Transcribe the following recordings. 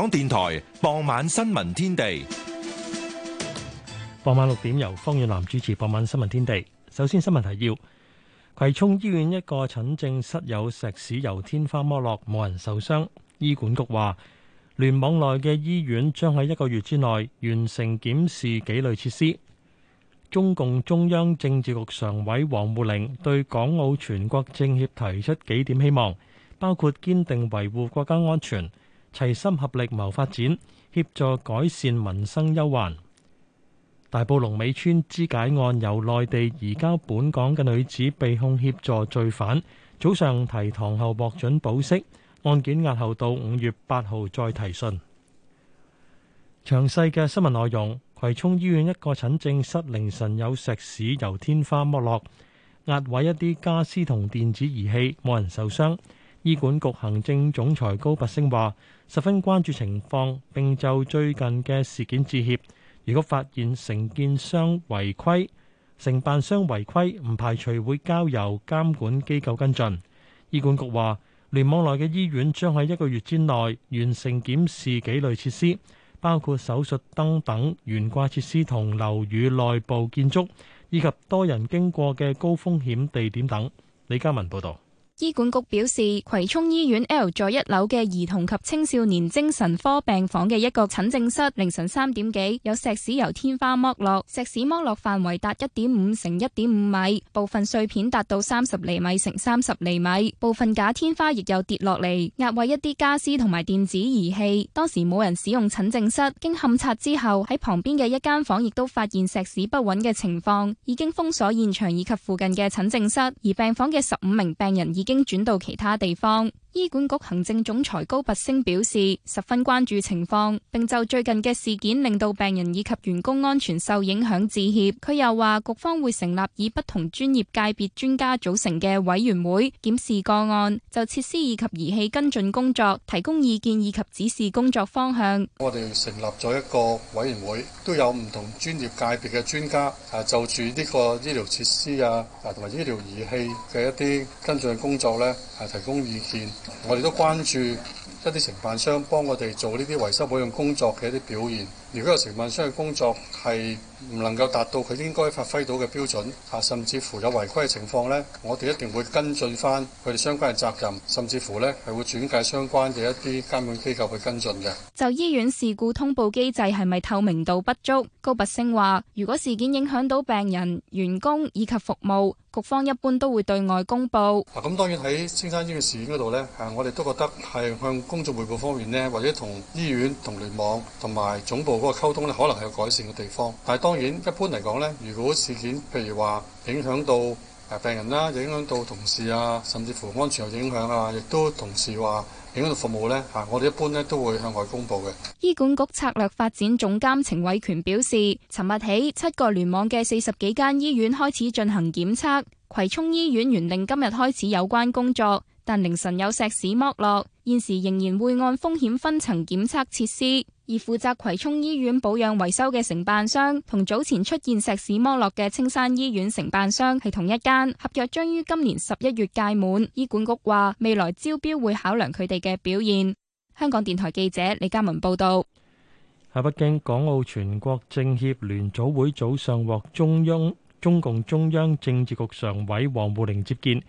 港電台傍晚新聞天地，傍晚六點由方遠南主持。傍晚新聞天地，首先新聞提要：葵涌醫院一個診症室有石屎由天花剝落，冇人受傷。醫管局話，聯網內嘅醫院將喺一個月之內完成檢視幾類設施。中共中央政治局常委王滬寧對港澳全國政協提出幾點希望，包括堅定維護國家安全。齊心合力謀發展，協助改善民生憂患。大埔龍尾村肢解案，由內地移交本港嘅女子被控協助罪犯，早上提堂後獲准保釋，案件押後到五月八號再提訊。詳細嘅新聞內容，葵涌醫院一個診症室凌晨有石屎由天花剝落，壓毀一啲家私同電子儀器，冇人受傷。醫管局行政總裁高拔陞話。十分關注情況，並就最近嘅事件致歉。如果發現承建商違規、承辦商違規，唔排除會交由監管機構跟進。醫管局話，聯網內嘅醫院將喺一個月之內完成檢視幾類設施，包括手術燈等，等懸掛設施同樓宇內部建築，以及多人經過嘅高風險地點等。李嘉文報導。醫管局表示，葵涌醫院 L 座一樓嘅兒童及青少年精神科病房嘅一個診症室，凌晨三點幾有石屎由天花剝落，石屎剝落範圍達一點五乘一點五米，部分碎片達到三十厘米乘三十厘米，部分假天花亦有跌落嚟，壓壞一啲家私同埋電子儀器。當時冇人使用診症室，經勘察之後喺旁邊嘅一間房亦都發現石屎不穩嘅情況，已經封鎖現場以及附近嘅診症室，而病房嘅十五名病人已經轉到其他地方。醫管局行政總裁高拔升表示，十分關注情況，並就最近嘅事件令到病人以及員工安全受影響致歉。佢又話，局方會成立以不同專業界別專家組成嘅委員會，檢視個案，就設施以及儀器跟進工作提供意見以及指示工作方向。我哋成立咗一個委員會，都有唔同專業界別嘅專家，係就住呢個醫療設施啊，同埋醫療儀器嘅一啲跟進工作呢，係提供意見。我哋都關注一啲承辦商幫我哋做呢啲維修保養工作嘅一啲表現。如果有承辦商嘅工作係唔能夠達到佢應該發揮到嘅標準，啊甚至乎有違規嘅情況呢，我哋一定會跟進返佢哋相關嘅責任，甚至乎呢係會轉介相關嘅一啲監管機構去跟進嘅。就醫院事故通報機制係咪透明度不足？高拔陞話：如果事件影響到病人、員工以及服務，局方一般都會對外公佈。咁當然喺青山醫院事件嗰度呢，我哋都覺得係向公眾彙報方面呢，或者同醫院、同聯網同埋總部。嗰個溝通咧，可能係有改善嘅地方，但係當然一般嚟講咧，如果事件譬如話影響到誒病人啦，影響到同事啊，甚至乎安全有影響啊，亦都同事話影響到服務咧嚇，我哋一般咧都會向外公布嘅。醫管局策略發展總監程偉權表示，尋日起七個聯網嘅四十幾間醫院開始進行檢測，葵涌醫院原定今日開始有關工作，但凌晨有石屎剝落。現時仍然會按風險分層檢測設施，而負責葵涌醫院保養維修嘅承辦商同早前出現石屎剝落嘅青山醫院承辦商係同一間合約，將於今年十一月屆滿。醫管局話未來招標會考量佢哋嘅表現。香港電台記者李嘉文報道。喺北京，港澳全國政協聯組會早上獲中央中共中央政治局常委王滬寧接見，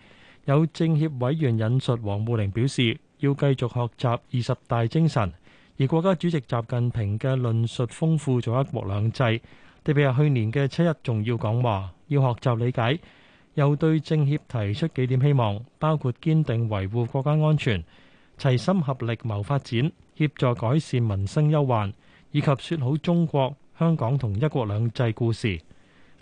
有政協委員引述王滬寧表示，要繼續學習二十大精神，而國家主席習近平嘅論述豐富咗一國兩制。特別係去年嘅七一重要講話，要學習理解，又對政協提出幾點希望，包括堅定維護國家安全、齊心合力謀發展、協助改善民生憂患，以及説好中國香港同一國兩制故事。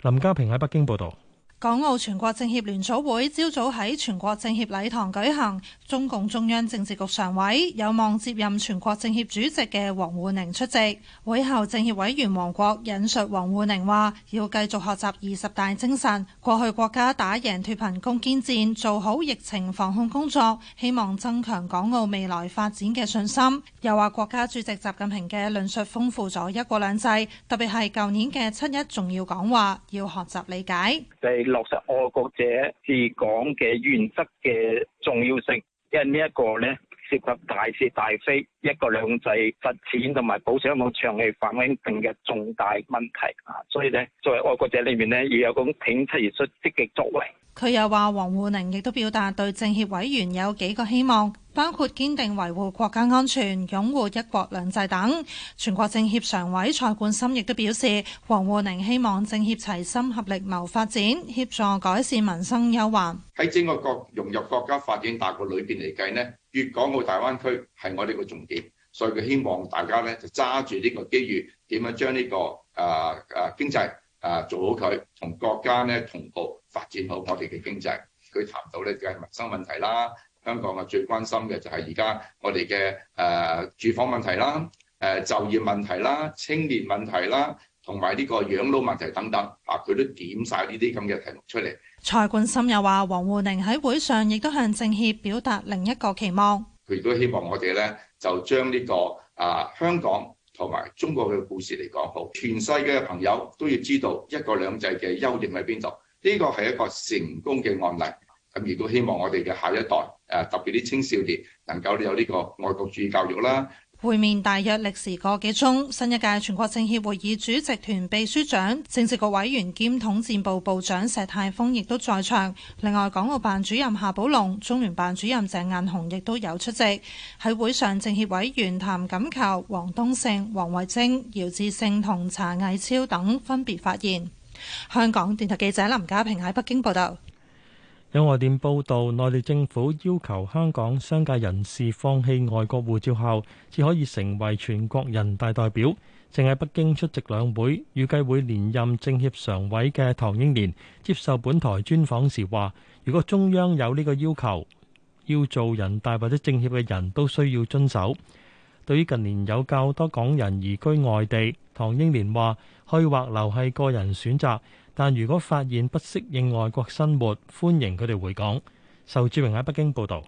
林家平喺北京報道。港澳全國政協聯組會朝早喺全國政協禮堂舉行，中共中央政治局常委、有望接任全國政協主席嘅王滬寧出席。會後，政協委員王國引述王滬寧話，要繼續學習二十大精神，過去國家打贏脱貧攻堅戰，做好疫情防控工作，希望增強港澳未來發展嘅信心。又話國家主席習近平嘅論述豐富咗一國兩制，特別係舊年嘅七一重要講話，要學習理解。落實愛國者治港嘅原則嘅重要性，因呢一個咧，涉及大是大非、一國兩制發展同埋保障香港長期繁榮穩定嘅重大問題。啊，所以呢，作為愛國者裏面呢，要有咁挺出而出積極作為。佢又話，王滬寧亦都表達對政協委員有幾個希望，包括堅定維護國家安全、擁護一國兩制等。全國政協常委蔡冠森亦都表示，王滬寧希望政協齊心合力謀發展，協助改善民生憂患喺整個國融入國家發展大局裏邊嚟計呢。粵港澳大灣區係我哋嘅重點，所以佢希望大家咧就揸住呢個機遇，點樣將呢、呢個啊啊、呃、經濟啊做好佢，同國家咧同步發展好我哋嘅經濟。佢談到呢梗係、就係、民生問題啦，香港我最關心嘅就係而家我哋嘅誒住房問題啦、誒、呃、就業問題啦、青年問題啦，同埋呢個養老問題等等，啊佢都點晒呢啲咁嘅題目出嚟。蔡冠深又話，王滬寧喺會上亦都向政協表達另一個期望，佢亦都希望我哋咧就將呢、這個啊香港同埋中國嘅故事嚟講好，全世界嘅朋友都要知道一國兩制嘅優點喺邊度，呢個係一個成功嘅案例。咁亦都希望我哋嘅下一代，誒、啊、特別啲青少年，能夠有呢個愛國主義教育啦。會面大約歷時個幾鐘。新一屆全國政協會議主席團秘書長、政治局委員兼統戰部部長石泰峰亦都在場。另外，港澳辦主任夏寶龍、中聯辦主任鄭雁雄亦都有出席。喺會上，政協委員譚錦球、黃東盛、王惠貞、姚志勝同查毅超等分別發言。香港電台記者林家平喺北京報道。有外電報道，內地政府要求香港商界人士放棄外國護照後，至可以成為全國人大代表，正喺北京出席兩會，預計會連任政協常委嘅唐英年接受本台專訪時話：如果中央有呢個要求，要做人大或者政協嘅人都需要遵守。對於近年有較多港人移居外地。唐英年話去或留係個人選擇，但如果發現不適應外國生活，歡迎佢哋回港。仇志榮喺北京報道。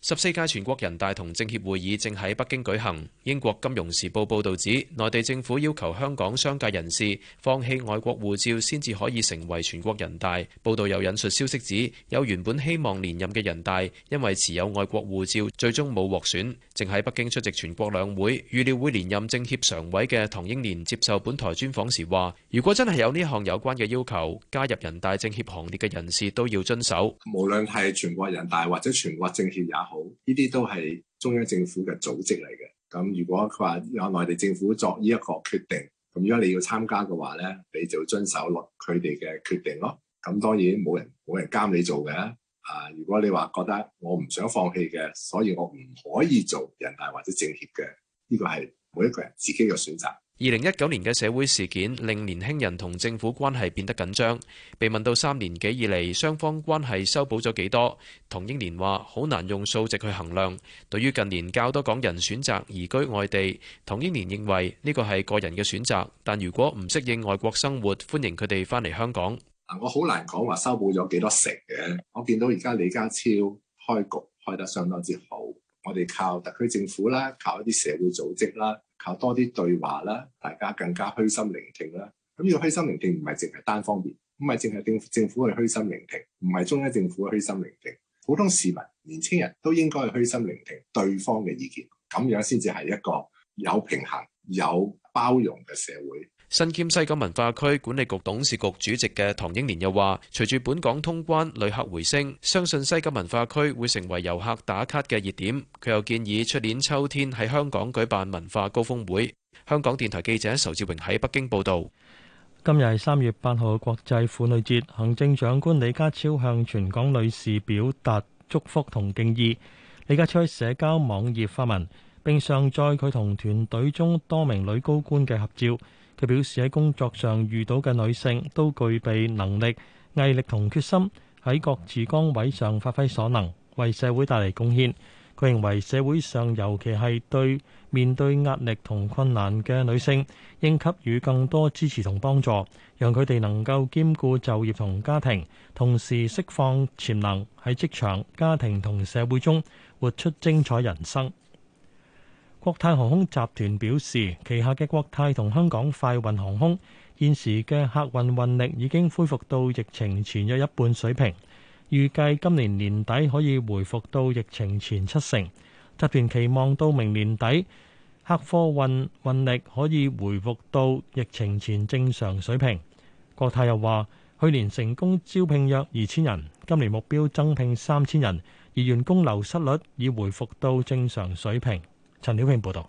十四屆全國人大同政協會議正喺北京舉行。英國金融時報報道指，內地政府要求香港商界人士放棄外國護照先至可以成為全國人大。報道有引述消息指，有原本希望連任嘅人大，因為持有外國護照，最終冇獲選，正喺北京出席全國兩會。預料會連任政協常委嘅唐英年接受本台專訪時話：如果真係有呢項有關嘅要求，加入人大政協行列嘅人士都要遵守。無論係全國人大或者全國政協也好。呢啲都係中央政府嘅組織嚟嘅，咁如果佢話有內地政府作呢一個決定，咁如果你要參加嘅話咧，你就遵守落佢哋嘅決定咯。咁當然冇人冇人監你做嘅。啊，啊，如果你話覺得我唔想放棄嘅，所以我唔可以做人大或者政協嘅，呢個係每一個人自己嘅選擇。二零一九年嘅社會事件令年輕人同政府關係變得緊張。被問到三年幾以嚟雙方關係修補咗幾多，唐英年話：好難用數值去衡量。對於近年較多港人選擇移居外地，唐英年認為呢個係個人嘅選擇，但如果唔適應外國生活，歡迎佢哋返嚟香港。我好難講話修補咗幾多成嘅。我見到而家李家超開局開得相當之好，我哋靠特區政府啦，靠一啲社會組織啦。靠多啲對話啦，大家更加虛心聆聽啦。咁要虛心聆聽唔係淨係單方面，咁咪淨係政政府去虛心聆聽，唔係中央政府嘅虛心聆聽。普通市民、年輕人都應該去虛心聆聽對方嘅意見，咁樣先至係一個有平衡、有包容嘅社會。身兼西九文化區管理局董事局主席嘅唐英年又話，隨住本港通關旅客回升，相信西九文化區會成為遊客打卡嘅熱點。佢又建議出年秋天喺香港舉辦文化高峰會。香港電台記者仇志榮喺北京報道。今日係三月八號國際婦女節，行政長官李家超向全港女士表達祝福同敬意。李家超喺社交網頁發文，並上載佢同團隊中多名女高官嘅合照。佢表示喺工作上遇到嘅女性都具備能力、毅力同決心，喺各自崗位上發揮所能，為社會帶嚟貢獻。佢認為社會上尤其係對面對壓力同困難嘅女性，應給予更多支持同幫助，讓佢哋能夠兼顧就業同家庭，同時釋放潛能喺職場、家庭同社會中活出精彩人生。國泰航空集團表示，旗下嘅國泰同香港快運航空現時嘅客運運力已經恢復到疫情前約一半水平，預計今年年底可以恢復到疫情前七成。集團期望到明年底客貨運運力可以恢復到疫情前正常水平。國泰又話，去年成功招聘約二千人，今年目標增聘三千人，而員工流失率已恢復到正常水平。陳曉慶報道，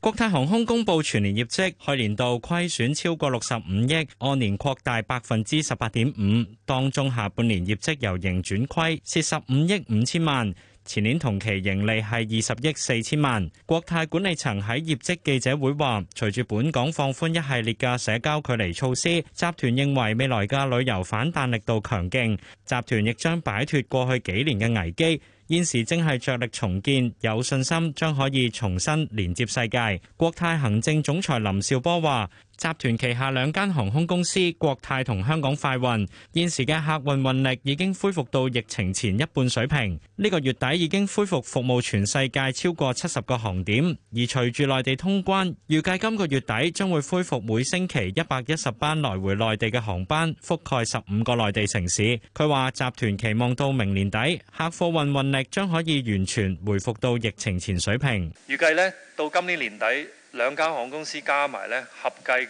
國泰航空公布全年業績，去年度虧損超過六十五億，按年擴大百分之十八點五。當中下半年業績由盈轉虧，蝕十五億五千萬。前年同期盈利係二十億四千萬。國泰管理層喺業績記者會話，隨住本港放寬一系列嘅社交距離措施，集團認為未來嘅旅遊反彈力度強勁，集團亦將擺脫過去幾年嘅危機。現時正係着力重建，有信心將可以重新連接世界。國泰行政總裁林紹波話：集團旗下兩間航空公司國泰同香港快運，現時嘅客運運力已經恢復到疫情前一半水平。呢、這個月底已經恢復服，服務全世界超過七十個航點，而隨住內地通關，預計今個月底將會恢復每星期一百一十班來回內地嘅航班，覆蓋十五個內地城市。佢話集團期望到明年底，客貨運運力。將可以完全回復到疫情前水平。預計咧到今年年底，兩間航空公司加埋咧合計嘅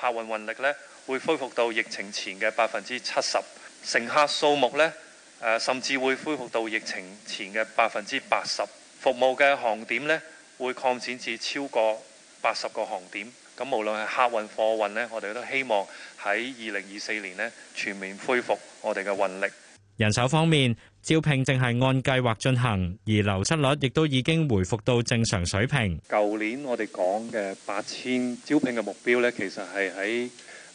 客運運力咧會恢復到疫情前嘅百分之七十，乘客數目咧誒甚至會恢復到疫情前嘅百分之八十，服務嘅航點咧會擴展至超過八十個航點。咁無論係客運、貨運咧，我哋都希望喺二零二四年咧全面恢復我哋嘅運力。人手方面，招聘正係按計劃進行，而流失率亦都已經回復到正常水平。舊年我哋講嘅八千招聘嘅目標呢，其實係喺誒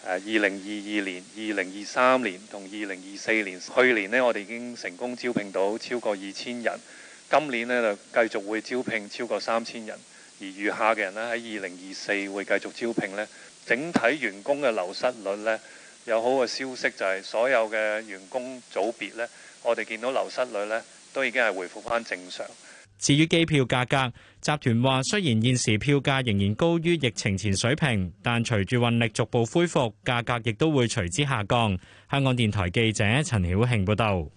二零二二年，二零二三年同二零二四年。去年呢，我哋已經成功招聘到超過二千人。今年呢就繼續會招聘超過三千人，而餘下嘅人呢喺二零二四會繼續招聘呢。整體員工嘅流失率呢有好嘅消息，就係所有嘅員工組別呢。我哋見到流失率呢，都已經係回復翻正常。至於機票價格，集團話雖然現時票價仍然高於疫情前水平，但隨住運力逐步恢復，價格亦都會隨之下降。香港電台記者陳曉慶報道。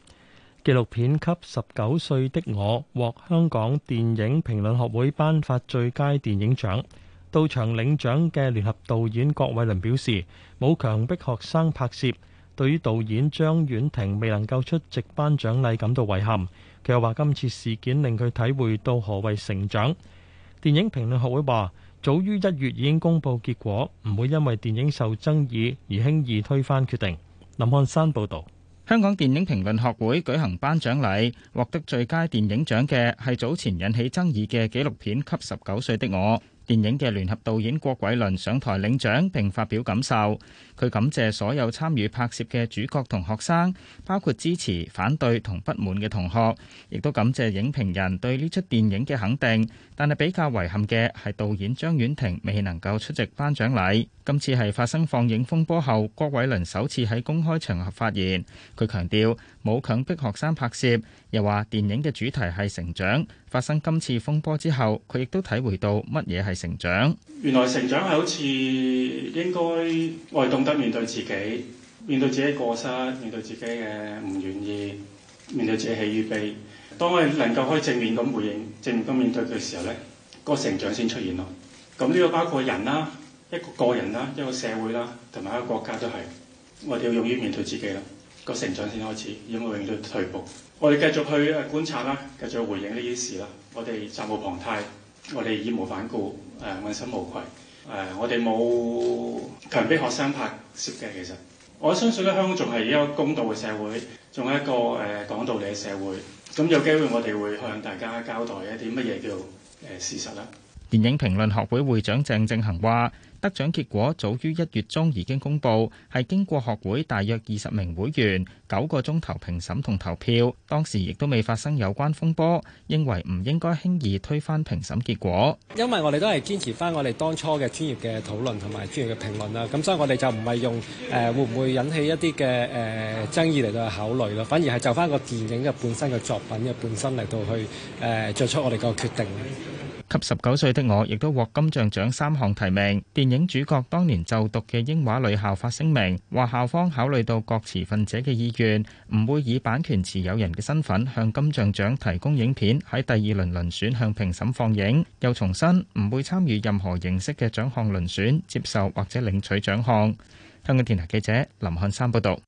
紀錄片《給十九歲的我》獲香港電影評論學會頒發最佳電影獎。到場領獎嘅聯合導演郭偉倫表示，冇強迫學生拍攝。對於導演張婉婷未能夠出席頒獎禮感到遺憾，佢又話：今次事件令佢體會到何為成長。電影評論學會話：早於一月已經公佈結果，唔會因為電影受爭議而輕易推翻決定。林漢山報導。香港電影評論學會舉行頒獎禮，獲得最佳電影獎嘅係早前引起爭議嘅紀錄片《給十九歲的我》。電影嘅聯合導演郭偉倫上台領獎並發表感受，佢感謝所有參與拍攝嘅主角同學生，包括支持、反對同不滿嘅同學，亦都感謝影評人對呢出電影嘅肯定。但係比較遺憾嘅係導演張婉婷未能夠出席頒獎禮。今次係發生放映風波後，郭偉倫首次喺公開場合發言。佢強調冇強迫學生拍攝，又話電影嘅主題係成長。發生今次風波之後，佢亦都體會到乜嘢係成長。原來成長係好似應該我哋懂得面對自己，面對自己過失，面對自己嘅唔願意，面對自己喜與悲。當我哋能夠可以正面咁回應，正面咁面對嘅時候咧，個成長先出現咯。咁呢個包括人啦，一個個人啦，一個社會啦，同埋一個國家都係，我哋要勇於面對自己啦，個成長先開始，而唔係永遠都退步。我哋繼續去誒觀察啦，繼續回應呢啲事啦。我哋責無旁貸，我哋義無反顧，誒問心無愧。誒，我哋冇強迫學生拍攝嘅。其實，我相信咧，香港仲係一個公道嘅社會，仲係一個誒講道理嘅社會。咁有機會，我哋會向大家交代一啲乜嘢叫做事實啦。電影評論學會會,會長鄭正恒話。得獎結果早於一月中已經公佈，係經過學會大約二十名會員九個鐘頭評審同投票，當時亦都未發生有關風波，認為唔應該輕易推翻評審結果。因為我哋都係堅持翻我哋當初嘅專業嘅討論同埋專業嘅評論啦，咁所以我哋就唔係用誒會唔會引起一啲嘅誒爭議嚟到去考慮咯，反而係就翻個電影嘅本身個作品嘅本身嚟到去誒作出我哋個決定。給十九歲的我，亦都獲金像獎三項提名。電影主角當年就讀嘅英華女校發聲明，話校方考慮到各持份者嘅意願，唔會以版權持有人嘅身份向金像獎提供影片喺第二輪遴選向評審放映。又重申唔會參與任何形式嘅獎項遴選，接受或者領取獎項。香港電台記者林漢山報道。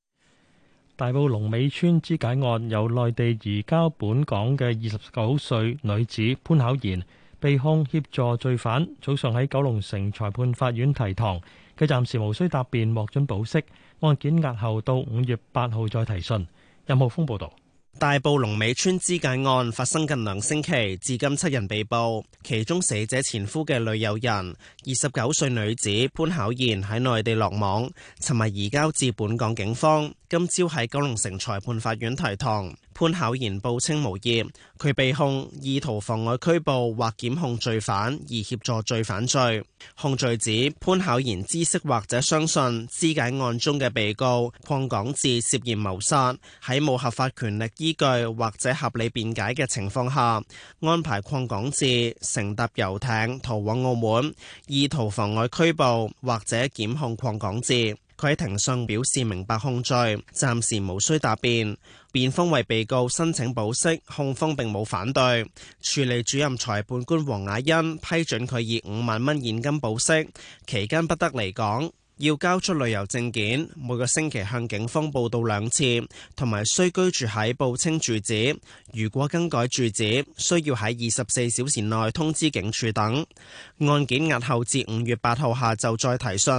大埔龍尾村肢解案由內地移交本港嘅二十九歲女子潘巧賢。被控協助罪犯，早上喺九龍城裁判法院提堂，佢暫時無需答辯，獲准保釋，案件押後到五月八號再提訊。任浩峰報導。大埔龍尾村肢解案發生近兩星期，至今七人被捕，其中死者前夫嘅女友人二十九歲女子潘巧燕喺內地落網，尋日移交至本港警方，今朝喺九龍城裁判法院提堂。潘巧言報稱無業，佢被控意圖妨礙拘捕或檢控罪犯而協助罪犯罪。控罪指潘巧言知悉或者相信肢解案中嘅被告鄺港志涉嫌謀殺，喺冇合法權力依據或者合理辯解嘅情況下，安排鄺港志乘搭遊艇逃往澳門，意圖妨礙拘捕或者檢控鄺港志。佢喺庭上表示明白控罪，暫時無需答辯。辯方為被告申請保釋，控方並冇反對。處理主任裁判官黃雅欣批准佢以五萬蚊現金保釋，期間不得離港。要交出旅遊證件，每個星期向警方報到兩次，同埋需居住喺報稱住址。如果更改住址，需要喺二十四小時內通知警署等。案件押後至五月八號下晝再提訊，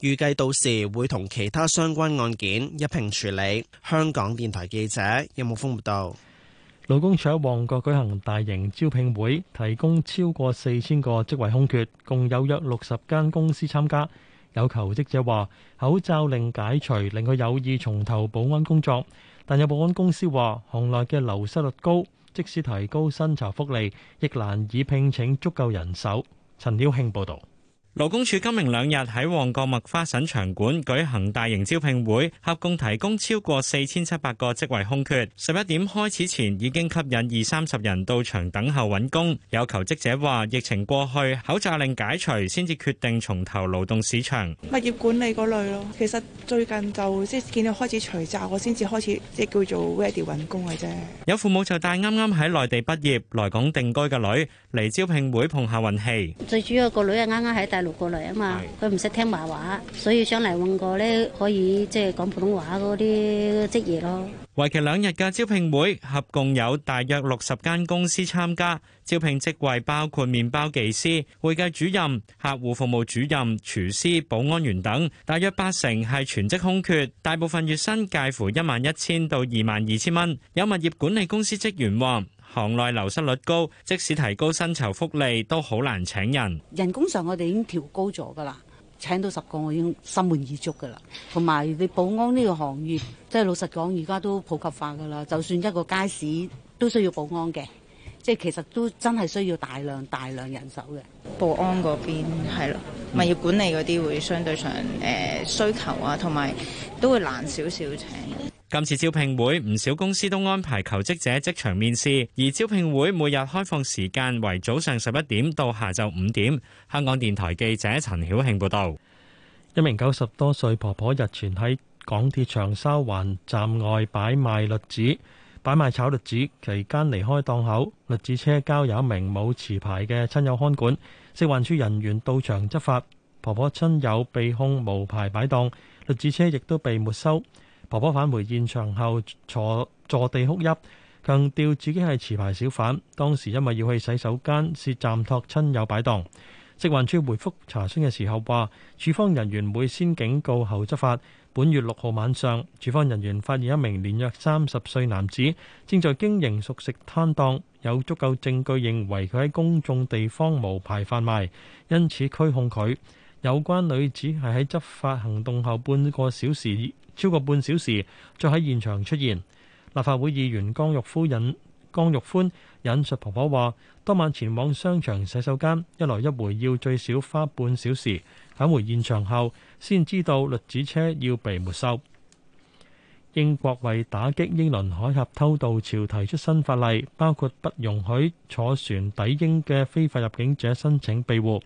預計到時會同其他相關案件一併處理。香港電台記者任木峰報道。勞工處喺旺角舉行大型招聘會，提供超過四千個職位空缺，共有約六十間公司參加。有求職者話：口罩令解除令佢有意重投保安工作，但有保安公司話行內嘅流失率高，即使提高薪酬福利，亦難以聘請足夠人手。陳了慶報道。勞工處今明兩日喺旺角麥花臣場館舉行大型招聘會，合共提供超過四千七百個職位空缺。十一點開始前已經吸引二三十人到場等候揾工。有求職者話：疫情過去，口罩令解除，先至決定重投勞動市場。物業管理嗰類咯，其實最近就即係見到開始除罩，我先至開始即係叫做 ready 揾工嘅啫。有父母就帶啱啱喺內地畢業來港定居嘅女嚟招聘會碰下運氣。最主要個女又啱啱喺大。錄過嚟啊嘛，佢唔識聽白話，所以上嚟揾個咧可以即係講普通話嗰啲職業咯。為期兩日嘅招聘會，合共有大約六十間公司參加，招聘職位包括麵包技師、會計主任、客戶服務主任、廚師、保安員等，大約八成係全職空缺，大部分月薪介乎一萬一千到二萬二千蚊。有物業管理公司職員話。行內流失率高，即使提高薪酬福利都好難請人。人工上我哋已經調高咗㗎啦，請到十個我已經心滿意足㗎啦。同埋你保安呢個行業，即係老實講，而家都普及化㗎啦。就算一個街市都需要保安嘅，即係其實都真係需要大量大量人手嘅。保安嗰邊係咯，物業、嗯、管理嗰啲會相對上誒、呃、需求啊，同埋都會難少少請。今次招聘會，唔少公司都安排求職者即場面試。而招聘會每日開放時間為早上十一點到下晝五點。香港電台記者陳曉慶報道：一名九十多歲婆婆日前喺港鐵長沙灣站外擺賣栗子、擺賣炒栗子，期間離開檔口，栗子車交由一名冇持牌嘅親友看管。食環署人員到場執法，婆婆親友被控無牌擺檔，栗子車亦都被沒收。婆婆返回現場後坐坐地哭泣，強調自己係持牌小販。當時因為要去洗手間，是暫託親友擺檔。食環署回覆查詢嘅時候話，處方人員會先警告後執法。本月六號晚上，處方人員發現一名年約三十歲男子正在經營熟食攤檔，有足夠證據認為佢喺公眾地方無牌販賣，因此拘控佢。有關女子係喺執法行動後半個小時，超過半小時，再喺現場出現。立法會議員江玉夫人江玉歡引述婆婆話，當晚前往商場洗手間，一來一回要最少花半小時。返回現場後，先知道栗子車要被沒收。英國為打擊英倫海峽偷渡潮，提出新法例，包括不容許坐船抵英嘅非法入境者申請庇護。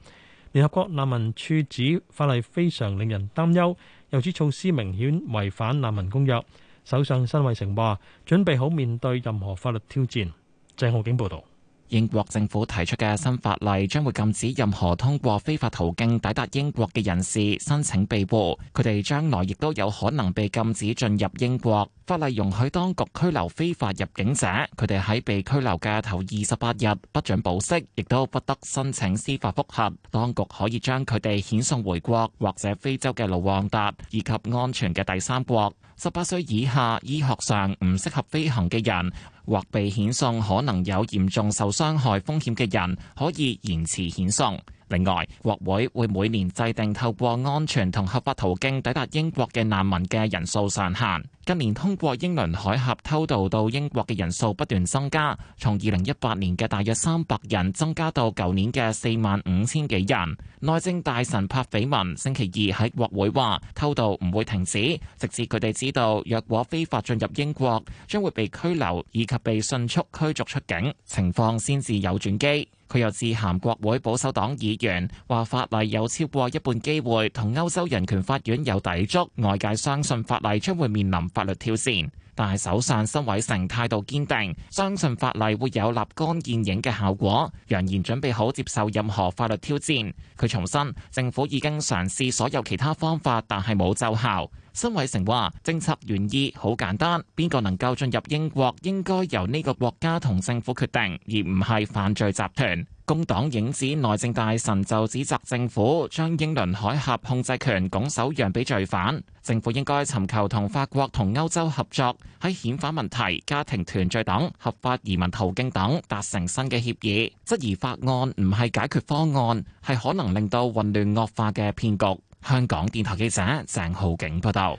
聯合國難民署指法例非常令人擔憂，又指措施明顯違反難民公約。首相辛偉誠話準備好面對任何法律挑戰。鄭浩景報道。英國政府提出嘅新法例將會禁止任何通過非法途徑抵達英國嘅人士申請庇護，佢哋將來亦都有可能被禁止進入英國。法例容許當局拘留非法入境者，佢哋喺被拘留嘅頭二十八日不准保釋，亦都不得申請司法覆核。當局可以將佢哋遣送回國或者非洲嘅盧旺達以及安全嘅第三國。十八歲以下、醫學上唔適合飛行嘅人或被遣送可能有嚴重受傷害風險嘅人，可以延遲遣送。另外，國會會每年制定透過安全同合法途徑抵達英國嘅難民嘅人數上限。近年通過英倫海峽偷渡到英國嘅人數不斷增加，從二零一八年嘅大約三百人增加到舊年嘅四萬五千幾人。內政大臣柏斐文星期二喺國會話：偷渡唔會停止，直至佢哋知道若果非法進入英國，將會被拘留以及被迅速驅逐出境，情況先至有轉機。佢又致函國會保守黨議員話，法例有超過一半機會同歐洲人權法院有抵觸，外界相信法例將會面臨法律挑戰。但係首相申偉成態度堅定，相信法例會有立竿見影嘅效果，揚言準備好接受任何法律挑戰。佢重申，政府已經嘗試所有其他方法，但係冇奏效。申偉成話：政策原意好簡單，邊個能夠進入英國，應該由呢個國家同政府決定，而唔係犯罪集團。工黨影子內政大臣就指責政府將英倫海峽控制權拱手讓俾罪犯，政府應該尋求同法國同歐洲合作，喺遣返問題、家庭團聚等合法移民途徑等達成新嘅協議，質疑法案唔係解決方案，係可能令到混亂惡，惡化嘅騙局。香港電台記者鄭浩景報道。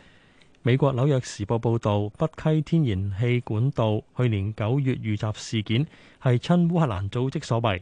美國紐約時報報導，北溪天然氣管道去年九月遇襲事件係親烏克蘭組織所為。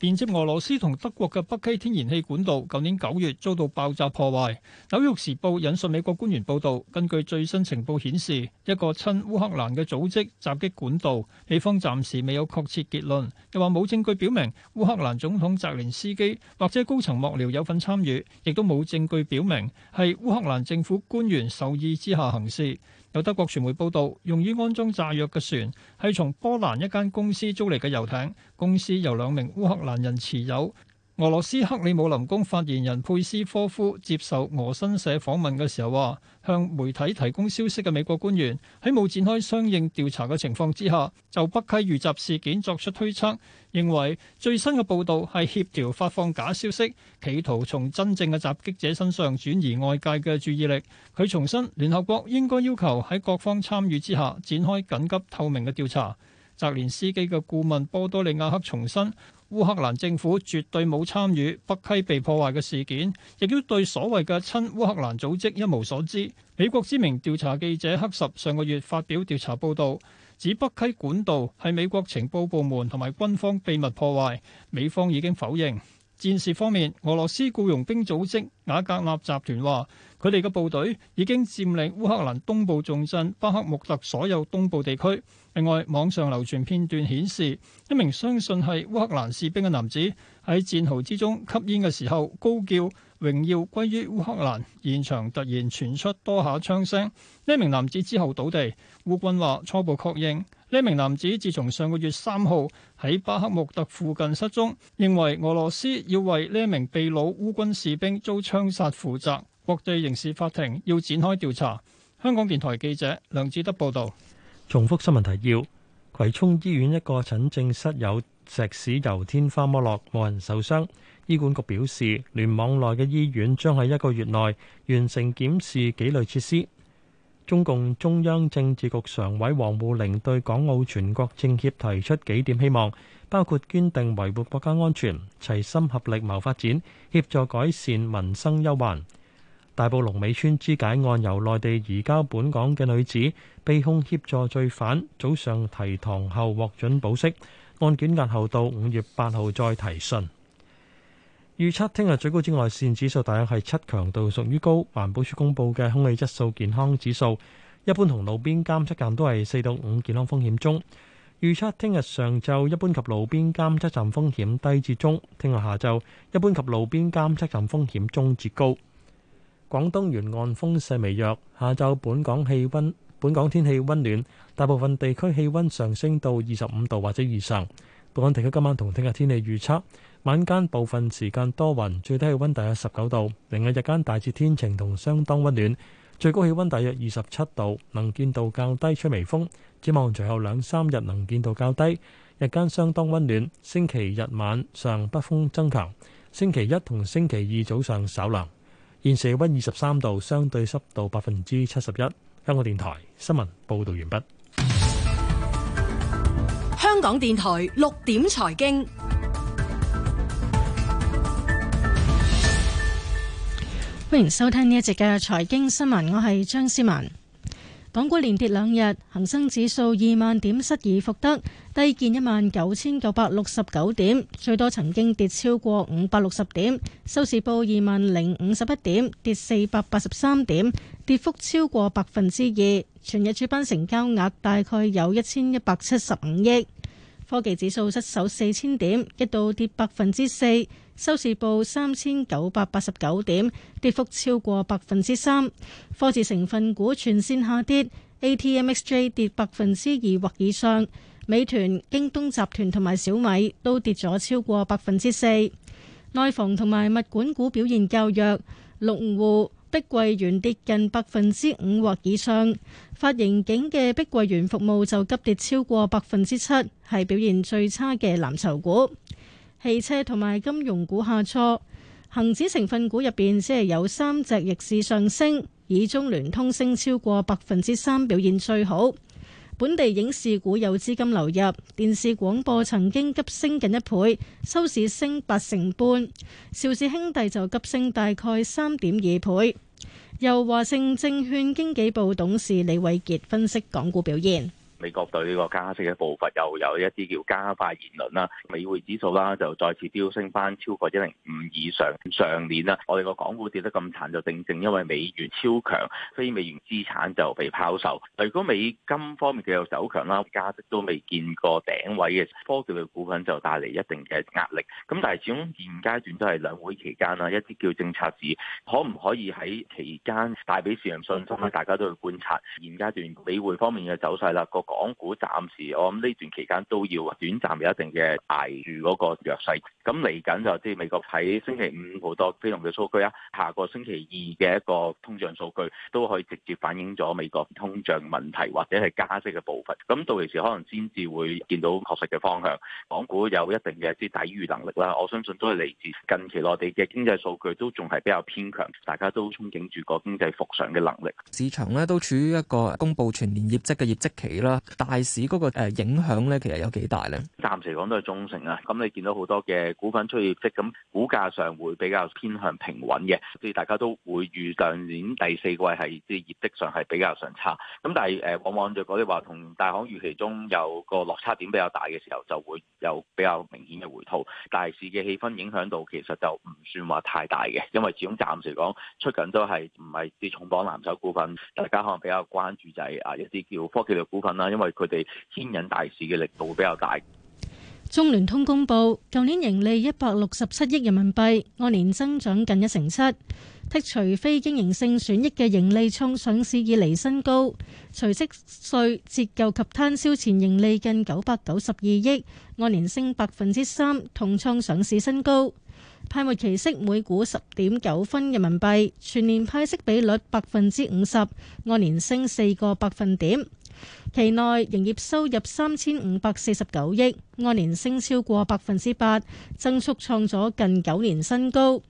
連接俄羅斯同德國嘅北溪天然氣管道，舊年九月遭到爆炸破壞。紐約時報引述美國官員報道，根據最新情報顯示，一個親烏克蘭嘅組織襲擊管道，美方暫時未有確切結論。又話冇證據表明烏克蘭總統澤連斯基或者高層幕僚有份參與，亦都冇證據表明係烏克蘭政府官員授意之下行事。有德國傳媒報導，用於安裝炸藥嘅船係從波蘭一間公司租嚟嘅遊艇，公司由兩名烏克蘭人持有。俄羅斯克里姆林宮發言人佩斯科夫接受俄新社訪問嘅時候話，向媒體提供消息嘅美國官員喺冇展開相應調查嘅情況之下，就北溪遇襲事件作出推測，認為最新嘅報道係協調發放假消息，企圖從真正嘅襲擊者身上轉移外界嘅注意力。佢重申，聯合國應該要求喺各方參與之下展開緊急透明嘅調查。澤連斯基嘅顧問波多利亞克重申。烏克蘭政府絕對冇參與北溪被破壞嘅事件，亦都對所謂嘅親烏克蘭組織一無所知。美國知名調查記者赫什上個月發表調查報導，指北溪管道係美國情報部門同埋軍方秘密破壞，美方已經否認。戰事方面，俄羅斯僱傭兵組織瓦格納集團話。佢哋嘅部隊已經佔領烏克蘭東部重鎮巴克穆特所有東部地區。另外，網上流傳片段顯示，一名相信係烏克蘭士兵嘅男子喺戰壕之中吸煙嘅時候高叫榮耀歸於烏克蘭。現場突然傳出多下槍聲，呢名男子之後倒地。烏軍話初步確認呢名男子自從上個月三號喺巴克穆特附近失蹤，認為俄羅斯要為呢名被俘烏軍士兵遭槍殺負責。國際刑事法庭要展開調查。香港電台記者梁志德報道。重複新聞提要：葵涌醫院一個診症室有石屎由天花剝落，冇人受傷。醫管局表示，聯網內嘅醫院將喺一個月內完成檢視幾類設施。中共中央政治局常委王滬寧對港澳全國政協提出幾點希望，包括堅定維護國家安全，齊心合力謀發展，協助改善民生憂患。大埔龍尾村肢解案由內地移交本港嘅女子，被控協助罪犯。早上提堂後獲准保釋，案件押後到五月八號再提訊。預測聽日最高紫外線指數大約係七，強度屬於高。環保署公布嘅空氣質素健康指數，一般同路邊監測站都係四到五，健康風險中。預測聽日上晝一般及路邊監測站風險低至中，聽日下晝一般及路邊監測站風險中至高。廣東沿岸風勢微弱，下晝本港氣温本港天氣温暖，大部分地區氣温上升到二十五度或者以上。本港地區今晚同聽日天氣預測，晚間部分時間多雲，最低氣温大約十九度；另日日間大致天晴同相當温暖，最高氣温大約二十七度，能見度較低，吹微風。展望隨後兩三日能見度較低，日間相當温暖。星期日晚上北風增強，星期一同星期二早上稍涼。現時氣溫二十三度，相對濕度百分之七十一。香港電台新聞報道完畢。香港電台六點財經，歡迎收聽呢一節嘅財經新聞，我係張思文。港股連跌兩日，恒生指數二萬點失而復得，低見一萬九千九百六十九點，最多曾經跌超過五百六十點，收市報二萬零五十一點，跌四百八十三點，跌幅超過百分之二。全日主板成交額大概有一千一百七十五億。科技指數失守四千點，一度跌百分之四，收市報三千九百八十九點，跌幅超過百分之三。科技成分股全綫下跌，ATMXJ 跌百分之二或以上。美團、京東集團同埋小米都跌咗超過百分之四。內房同埋物管股表現較弱，龍湖。碧桂園跌近百分之五或以上，發盈警嘅碧桂園服務就急跌超過百分之七，係表現最差嘅藍籌股。汽車同埋金融股下挫，恒指成分股入邊只係有三隻逆市上升，以中聯通升超過百分之三表現最好。本地影視股有資金流入，電視廣播曾經急升近一倍，收市升八成半。邵氏兄弟就急升大概三點二倍。由華盛證券經紀部董事李偉傑分析港股表現。美國對呢個加息嘅步伐又有一啲叫加快言論啦，美匯指數啦就再次飆升翻超過一零五以上。上年啦，我哋個港股跌得咁慘，就正正因為美元超強，非美元資產就被拋售。嗱，如果美金方面嘅走強啦，加息都未見過頂位嘅科技嘅股份就帶嚟一定嘅壓力。咁但係始終現階段都係兩會期間啦，一啲叫政策市可唔可以喺期間帶俾市場信心咧，大家都去觀察。現階段美匯方面嘅走勢啦，個港股暫時，我諗呢段期間都要短暫有一定嘅挨住嗰個弱勢。咁嚟緊就即係美國喺星期五好多非農嘅數據啊，下個星期二嘅一個通脹數據都可以直接反映咗美國通脹問題或者係加息嘅部分。咁到時可能先至會見到確實嘅方向。港股有一定嘅即抵禦能力啦，我相信都係嚟自近期內地嘅經濟數據都仲係比較偏強，大家都憧憬住個經濟復常嘅能力。市場咧都處於一個公布全年業績嘅業績期啦。大市嗰個影響咧，其實有幾大咧？暫時嚟講都係中性啊。咁你見到好多嘅股份出業績，咁股價上會比較偏向平穩嘅，即係大家都會預上年第四季係即係業績上係比較上差。咁但係誒，往往就嗰啲話同大行預期中有個落差點比較大嘅時候，就會有比較明顯嘅回吐。大市嘅氣氛影響到其實就唔算話太大嘅，因為始終暫時嚟講出緊都係唔係啲重磅藍籌股份，大家可能比較關注就係啊一啲叫科技類股份啦。因為佢哋牽引大市嘅力度比較大。中聯通公布，舊年盈利一百六十七億人民幣，按年增長近一成七，剔除非經營性損益嘅盈利創上市以嚟新高。除息稅折舊及攤銷前盈利近九百九十二億，按年升百分之三，同創上市新高。派末期息每股十點九分人民幣，全年派息比率百分之五十，按年升四個百分點。期內營業收入三千五百四十九億，按年升超過百分之八，增速創咗近九年新高。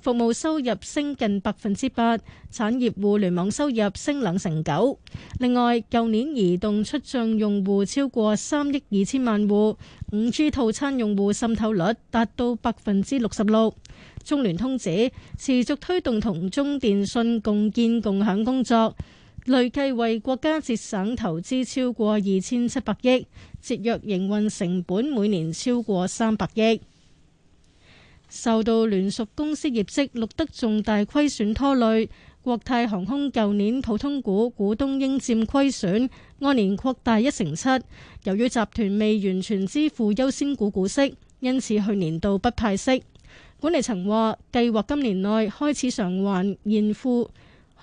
服務收入升近百分之八，產業互聯網收入升兩成九。另外，舊年移動出賬用戶超過三億二千萬戶，五 G 套餐用戶滲透率達到百分之六十六。中聯通指持續推動同中電信共建共享工作。累計為國家節省投資超過二千七百億，節約營運成本每年超過三百億。受到聯屬公司業績錄得重大虧損拖累，國泰航空舊年普通股股東應占虧損，按年擴大一成七。由於集團未完全支付優先股股息，因此去年度不派息。管理層話計劃今年內開始償還現付。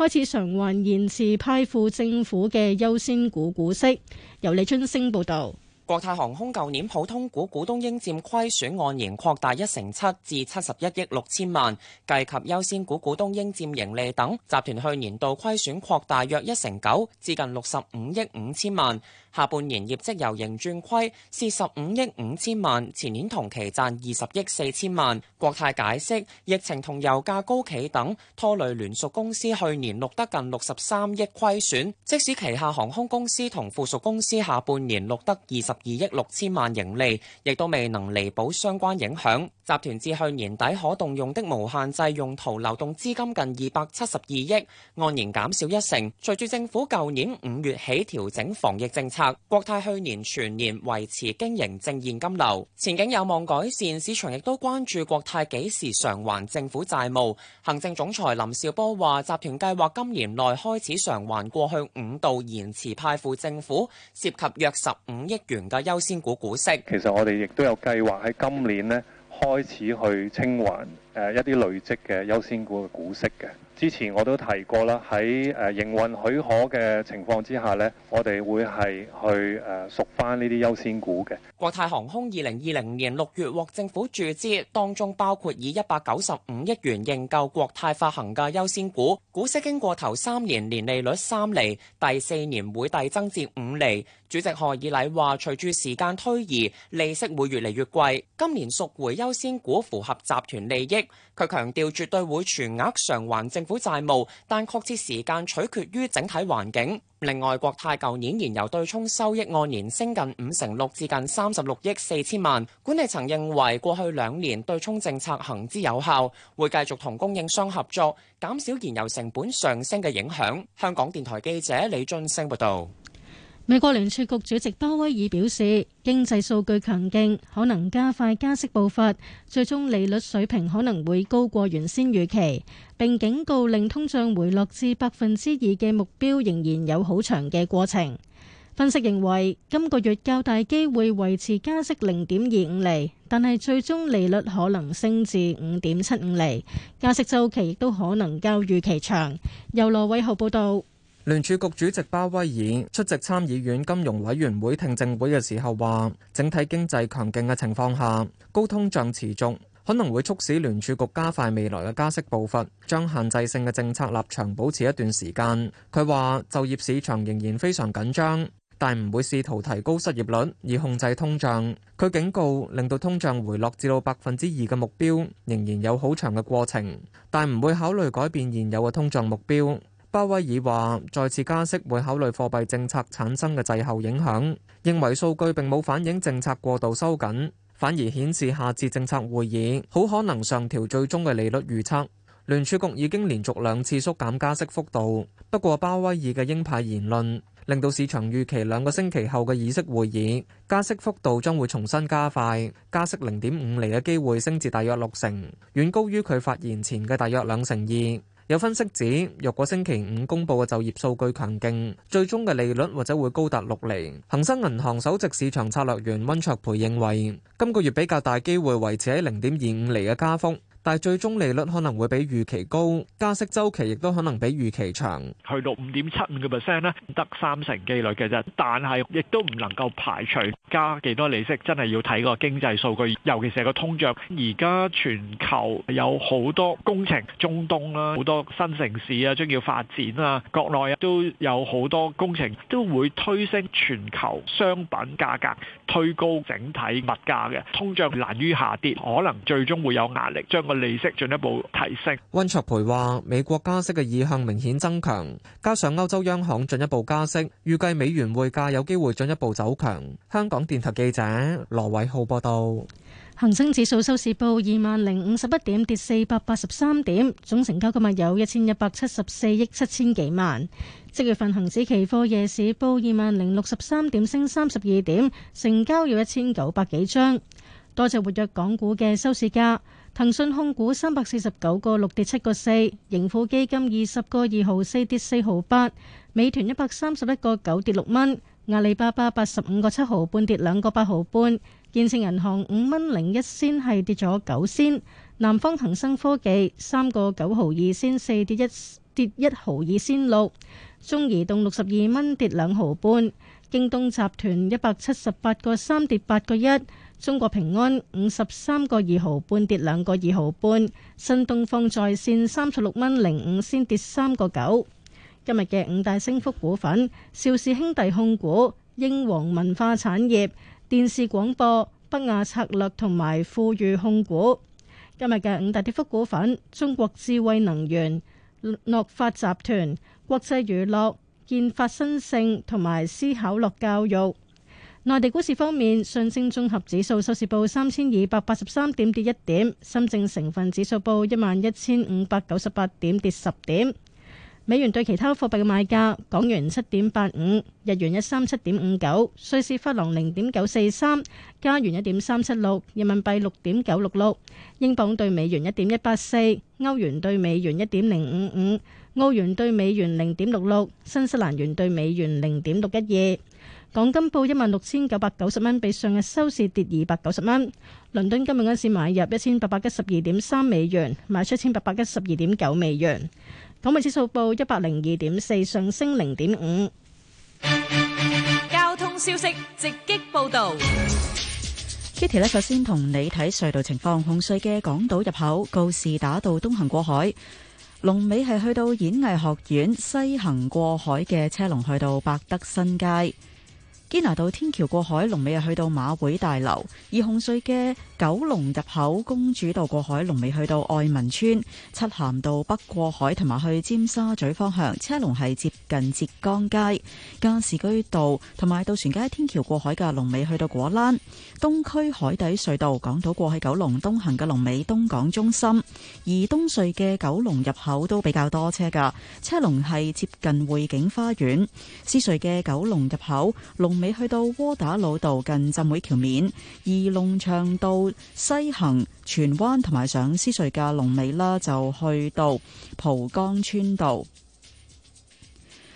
開始償還延遲批付政府嘅優先股股息。由李春星報道，國泰航空舊年普通股股東應佔虧損按年擴大一成七，至七十一億六千萬，計及優先股股東應佔盈利等，集團去年度虧損擴大約一成九，至近六十五億五千萬。下半年業績由盈轉虧，四十五億五千萬。前年同期賺二十億四千萬。國泰解釋，疫情同油價高企等拖累聯屬公司去年錄得近六十三億虧損。即使旗下航空公司同附屬公司下半年錄得二十二億六千萬盈利，亦都未能彌補相關影響。集團至去年底可動用的無限制用途流動資金近二百七十二億，按年減少一成。隨住政府舊年五月起調整防疫政策。國泰去年全年維持經營正現金流，前景有望改善。市場亦都關注國泰幾時償還政府債務。行政總裁林紹波話，集團計劃今年內開始償還過去五度延遲派付政府涉及約十五億元嘅優先股股息。其實我哋亦都有計劃喺今年呢開始去清還。誒一啲累積嘅優先股嘅股息嘅，之前我都提過啦，喺誒營運許可嘅情況之下呢，我哋會係去誒贖翻呢啲優先股嘅。國泰航空二零二零年六月獲政府注資，當中包括以一百九十五億元認購國泰發行嘅優先股，股息經過頭三年年利率三厘，第四年會遞增至五厘。主席何以禮話，隨住時間推移，利息會越嚟越貴。今年贖回優先股符合集團利益。佢強調絕對會全額償還政府債務，但確切時間取決於整體環境。另外，國泰舊年燃油對沖收益按年升近五成六，至近三十六億四千萬。管理層認為過去兩年對沖政策行之有效，會繼續同供應商合作，減少燃油成本上升嘅影響。香港電台記者李俊昇報道。美國聯儲局主席鮑威爾表示，經濟數據強勁，可能加快加息步伐，最終利率水平可能會高過原先預期，並警告令通脹回落至百分之二嘅目標仍然有好長嘅過程。分析認為，今、這個月較大機會維持加息零點二五厘，但係最終利率可能升至五點七五厘，加息周期亦都可能較預期長。由羅偉豪報道。聯儲局主席巴威爾出席參議院金融委員會聽證會嘅時候話，整體經濟強勁嘅情況下，高通脹持續可能會促使聯儲局加快未來嘅加息步伐，將限制性嘅政策立場保持一段時間。佢話就業市場仍然非常緊張，但唔會試圖提高失業率而控制通脹。佢警告，令到通脹回落至到百分之二嘅目標仍然有好長嘅過程，但唔會考慮改變現有嘅通脹目標。鮑威爾話：再次加息會考慮貨幣政策產生嘅滯後影響，認為數據並冇反映政策過度收緊，反而顯示下次政策會議好可能上調最終嘅利率預測。聯儲局已經連續兩次縮減加息幅度，不過鮑威爾嘅鷹派言論令到市場預期兩個星期後嘅議息會議加息幅度將會重新加快，加息零點五厘嘅機會升至大約六成，遠高於佢發言前嘅大約兩成二。有分析指，若果星期五公布嘅就業數據強勁，最終嘅利率或者會高達六厘。恒生銀行首席市場策略員温卓培認為，今個月比較大機會維持喺零點二五厘嘅加幅。但係最終利率可能會比預期高，加息周期亦都可能比預期長，去到五點七五個 percent 咧，得三成幾率嘅啫。但係亦都唔能夠排除加幾多利息，真係要睇個經濟數據，尤其是個通脹。而家全球有好多工程，中東啦、啊，好多新城市啊，將要發展啊，國內啊都有好多工程，都會推升全球商品價格，推高整體物價嘅通脹難於下跌，可能最終會有壓力將利息進一步提升。溫卓培話，美國加息嘅意向明顯增強，加上歐洲央行進一步加息，預計美元匯價有機會進一步走強。香港電台記者羅偉浩報道。恒生指數收市報二萬零五十一點，跌四百八十三點，總成交今日有一千一百七十四億七千幾萬。即月份恒指期貨夜市報二萬零六十三點，升三十二點，成交約一千九百幾張。多隻活躍港股嘅收市價。騰訊控股三百四十九個六跌七個四，盈富基金二十個二毫四跌四毫八，美團一百三十一個九跌六蚊，阿里巴巴八十五個七毫半跌兩個八毫半，建設銀行五蚊零一仙係跌咗九仙，南方恒生科技三個九毫二仙四跌一跌一毫二仙六，先 6. 6，中移動六十二蚊跌兩毫半，京東集團一百七十八個三跌八個一。中國平安五十三個二毫半跌兩個二毫半，新東方在線三十六蚊零五先跌三個九。今日嘅五大升幅股份：邵氏兄弟控股、英皇文化產業、電視廣播、北亞策略同埋富裕控股。今日嘅五大跌幅股份：中國智慧能源、諾發集團、國際娛樂、建發新盛同埋思考樂教育。內地股市方面，上證綜合指數收市報三千二百八十三點，跌一點；深證成分指數報一萬一千五百九十八點，跌十點。美元對其他貨幣嘅賣價：港元七點八五，日元一三七點五九，瑞士法郎零點九四三，加元一點三七六，人民幣六點九六六，英鎊對美元一點一八四，歐元對美元一點零五五，澳元對美元零點六六，新西蘭元對美元零點六一二。港金報一萬六千九百九十蚊，比上日收市跌二百九十蚊。倫敦今日開市買入一千八百一十二點三美元，賣出一千八百一十二點九美元。港幣指數報一百零二點四，上升零點五。交通消息直擊報道，Kitty 呢，Katie, 首先同你睇隧道情況，紅隧嘅港島入口告士打道東行過海，龍尾係去到演藝學院；西行過海嘅車龍去到百德新街。堅拿道天橋過海，龍尾又去到馬會大樓，而洪水嘅。九龍入口公主道過海，龍尾去到愛民村；漆咸道北過海同埋去尖沙咀方向，車龍係接近浙江街、加士居道同埋渡船街天橋過海嘅龍尾去到果欄。東區海底隧道港島過去九龍東行嘅龍尾東港中心，而東隧嘅九龍入口都比較多車噶，車龍係接近匯景花園。獅隧嘅九龍入口，龍尾去到窩打老道近浸會橋面，而龍翔道。西行荃灣同埋上獅隧嘅龍尾啦，就去到蒲崗村道；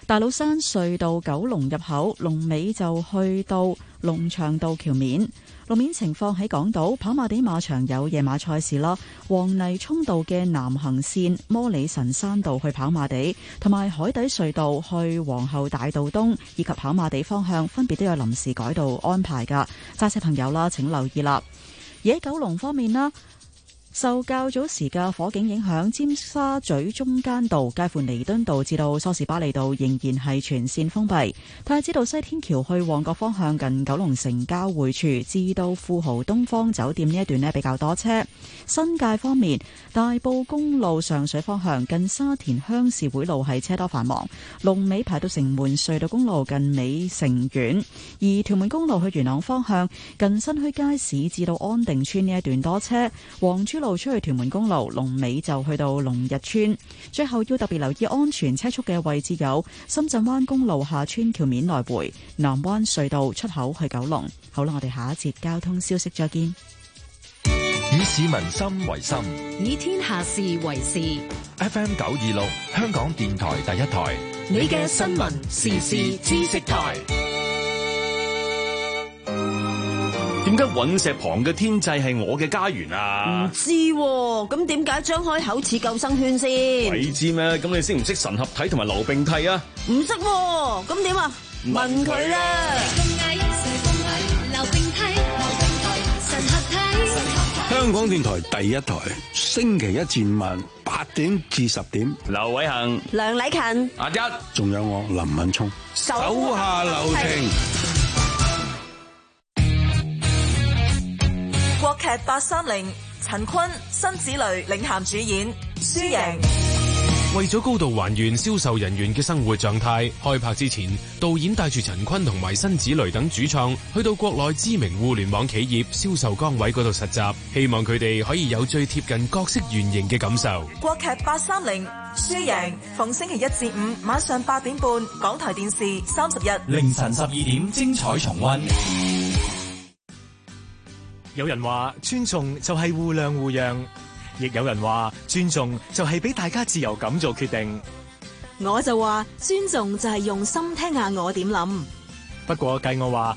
大老山隧道九龍入口龍尾就去到龍翔道橋面。路面情況喺港島跑馬地馬場有夜馬賽事啦。黃泥湧道嘅南行綫摩理臣山道去跑馬地，同埋海底隧道去皇后大道東以及跑馬地方向，分別都有臨時改道安排噶。揸車朋友啦，請留意啦。而喺九龍方面呢。受較早時嘅火警影響，尖沙咀中間道、介乎彌敦道至到梳士巴利道仍然係全線封閉。太子道西天橋去旺角方向近九龍城交匯處至到富豪東方酒店呢一段咧，比較多車。新界方面，大埔公路上水方向近沙田鄉事會路係車多繁忙，龍尾排到城門隧道公路近美城苑，而屯門公路去元朗方向近新墟街市至到安定邨，呢一段多車。黃珠路，路出去屯門公路，龍尾就去到龍日村。最後要特別留意安全車速嘅位置有深圳灣公路下村橋面來回南灣隧道出口去九龍。好啦，我哋下一節交通消息再見。以市民心為心，以天下事為事。FM 九二六，香港電台第一台，你嘅新聞時事知識台。點解隕石旁嘅天際係我嘅家園啊？唔知，咁點解張開口似救生圈先？你知咩？咁你識唔識神合體同埋劉並蒂啊？唔識，咁點啊？問佢啦！香港電台第一台，星期一至五晚八點至十點，劉偉恒、梁禮勤、阿一，仲有我林敏聰，手下留情。劇八三零，陳坤、辛芷蕾領銜主演，輸贏。為咗高度還原銷售人員嘅生活狀態，開拍之前，導演帶住陳坤同埋辛芷蕾等主創去到國內知名互聯網企業銷售崗位嗰度實習，希望佢哋可以有最貼近角色原型嘅感受。國劇八三零，輸贏逢星期一至五晚上八點半，港台電視三十一凌晨十二點精彩重温。有人話尊重就係互諒互讓，亦有人話尊重就係俾大家自由咁做決定。我就話尊重就係用心聽下我點諗。不過計我話。